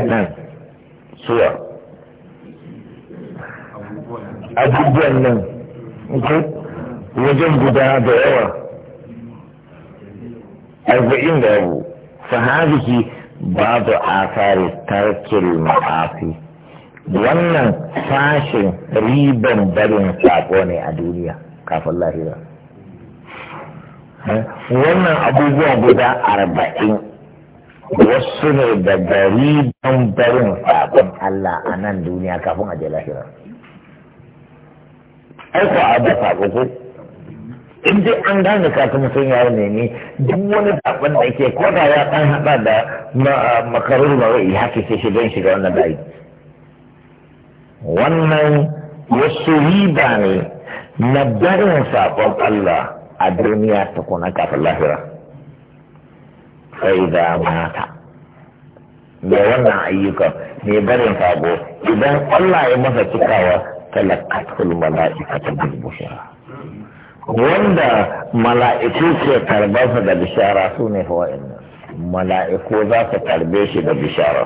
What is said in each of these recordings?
nan suwa abubuwan nan wajen guda da yawa arba'in da yawo fahabihi babu asari tarkil ma'afi wannan fashin riban barin sako ne a duniya kafin lahira wannan abubuwa guda arba'in wasu ne da gari don barin sabon Allah a nan duniya kafin a je lahira. Aiko a da sabo ko? In dai an gane kafin mutum ya ne ne duk wani sabon da ke ko da ya kan haɗa da makarar ba wai haka kike shi don shiga wannan bayi. Wannan wasu riba ne na barin sabon Allah a duniya ta kuna kafin lahira. فإذا مات da wannan ayyuka mai barin fago idan Allah ya masa cikawa talakatul mala'ikatu bil bushra wanda mala'iku ke karbansa da bishara su ne fa mala'iku za su karbe shi da bishara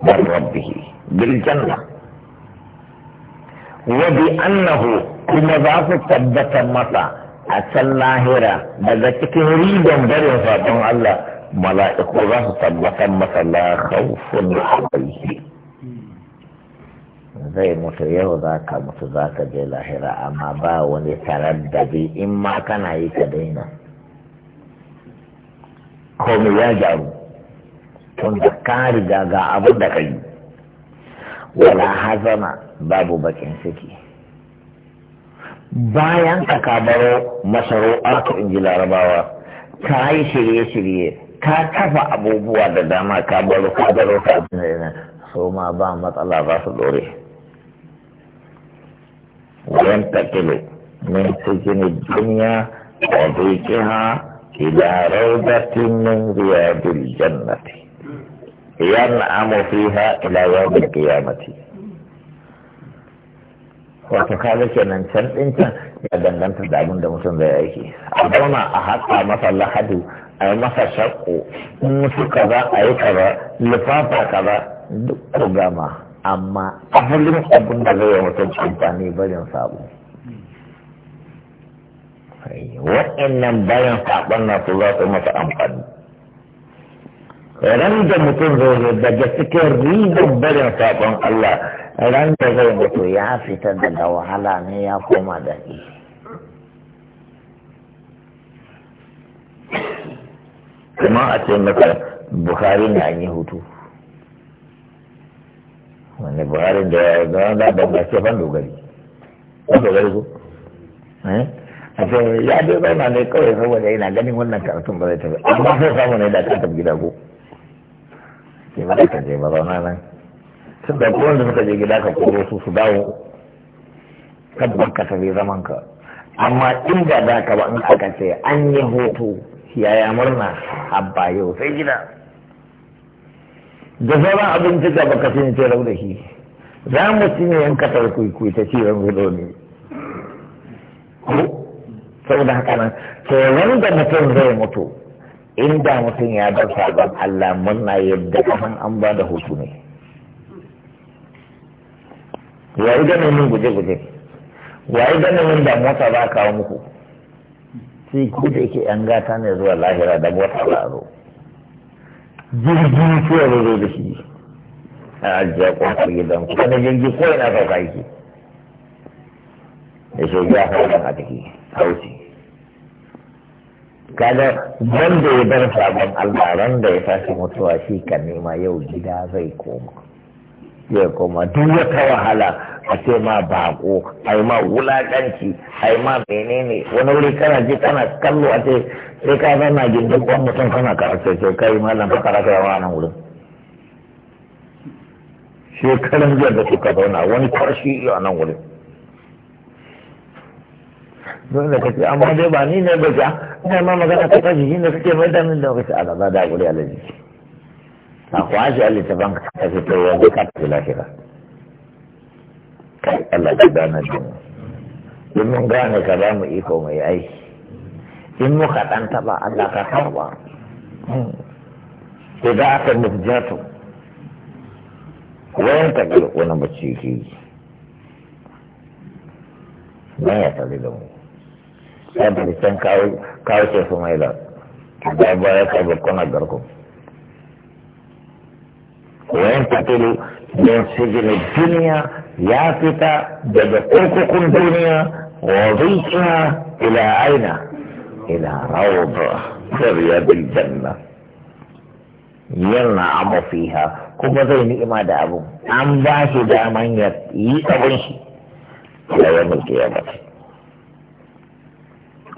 da rabbihi bil janna wa bi annahu kuma za su tabbatar masa a can lahira daga cikin ribon barin sabon Allah mala'iku za su tabbatar masa la khawfun zai mutu yau za ka mutu za ka je lahira amma ba wani bi in ma kana yi ka daina komai ya jaru tun da ka riga ga abin da ka yi wala hazana babu bakin ciki bayan ka kabaro masarau'atu in ji larabawa ka yi shirye-shirye ka kafa abubuwa da dama ka baro ka baro ka so ma ba matsala ba su dore wayan takilo min cikin duniya wa ha ila rawdatin min riyadil jannati yan'amu fiha ila yawmil qiyamati wato kaga kenan can ɗin can ya danganta da abin da mutum zai aiki a zama a haka masa lahadu a yi masa shakko in mutu kaza a yi kaza lifafa kaza duk ko gama amma asalin abin da zai mutum amfani barin sabo waɗannan bayan saɓon na su za su masa amfani ran da mutum zai daga cikin ribar barin saƙon Allah ran da zai mutu ya fita daga wahala ne ya koma da shi kuma a ce maka bukari na an yi hutu wani Buhari da ya zama da ba ce ban dogari ban dogari ko eh? a ce ya dai zauna ne kawai saboda yana ganin wannan karatun ba zai tafi amma sai samu ne da kan tafi gida ko sai ma ka je mazauna nan tun da kowane da suka je gida ka kuro su su dawo tabbar ka tafi zaman ka amma inda za ka ba in aka ce an yi hoto yaya murna abba yau sai gida da sauran abinci da baka sun ce rau da shi za mu ci ne yan kasar kuikui ta ci ran gudu ne saboda haka nan to wanda mutum zai mutu inda mutum ya bar sabon Allah muna yadda kaman an ba da hutu ne wayi gane min guje-guje wayi gane min da mota za kawo muku sai ku da yake yan gata ne zuwa lahira da mota ba a zo jirgin kuwa da zo da shi a ajiya kwanar gidan ku wani jirgi ko ina sauka yake da shi ya fara a ciki hausi kaga wanda ya bar sabon Allah ran da ya tashi mutuwa shi kan nema yau gida zai koma zai koma duk wata wahala a ce ma bako ai ma wulakanci ai ma menene wani wuri kana ji kana kallo a ce sai ka na gindin kwan mutum kana karatu sai kai malam ka karatu a nan wurin shekarun jiya da suka zauna wani kwashi a nan wurin don da kace amma dai ba ni ne ba ja ina ma magana ta kaji shi ne kake mai damin da wakaci ala za da guri alaji a kwashi alitaban ka ta fi fito wanda ka tafi lahira kai Allah ka dana da mu in mun gane ka ba mu iko mai aiki in muka dan taba Allah ka karba hmm. da aka mutu mufjatu wayan ta ga wani mace ke yi na ya tare da mu ya bari can kawo kawo ce su mai da da ba ya ka bakkona garko wayan fitilu don sijini duniya ya fita daga kurkukun duniya wa zuciya ila aina ila rawda riyadil janna yana abu fiha kuma zai ni'ima da abu an ba shi daman ya yi abun shi ila yawon kiyama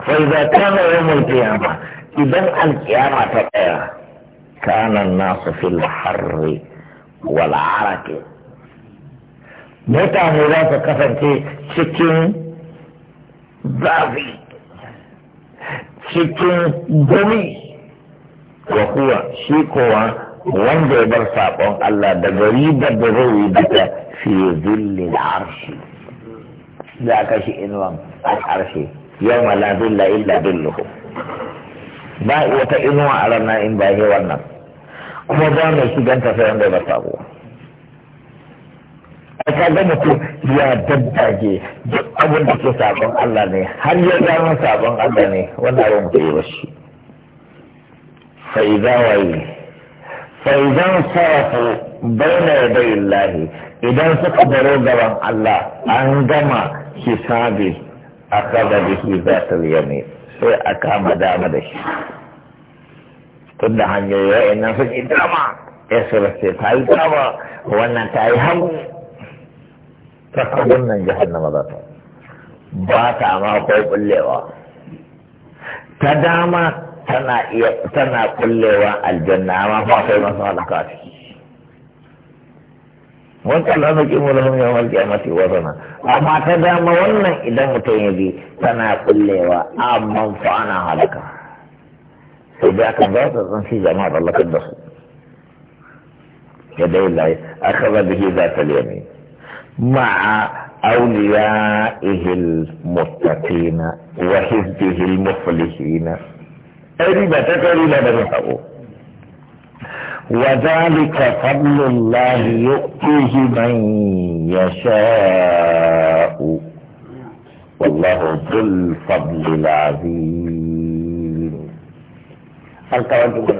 فإذا كان يوم القيامة إذا القيامة تقيا كان الناس في الحر والعركة متى نراك كفن تي شكين بافي شكين دمي وهو شيكوى شيكوا وانجو برساقون ألا دغريب دغريبك في ظل العرش ذاك شيء انوام العرشي yau la dilla illa luhu. ba wata inuwa a ranar in ba ne wannan kuma ba mai shiganta sai wanda ba sabo a kaga mutum ya daddage duk abin da ke sabon Allah ne har ya gano sabon Allah ne wannan abin mutum ya ba shi fa'iza waye fa'iza sarafu bayna yadayillahi idan suka baro gaban Allah an gama hisabi za bihi zatal ne sai a kama dama da shi tun da hanyoyi wa'annan sun yi dama ya sai ta yi dama wannan ta yi hagu ta kagun nan jahannama za ta ba ta ma ko kullewa ta dama tana iya tana kullewa aljanna amma ba sai masu halaka wancan la zaki mu lahum yawmal qiyamati wazana amma ta dama wannan idan mutum ya bi tana kullewa amma fa ana halaka sai da aka ba ta san shi jama'a da Allah da su ya dai lai akhadha bihi zat al-yamin ma'a awliyaihi al-muttaqina wa hizbihi al-muflihina ai ba ta kari da da sabo وذلك فضل الله يؤتيه من يشاء والله ذو الفضل العظيم التوجه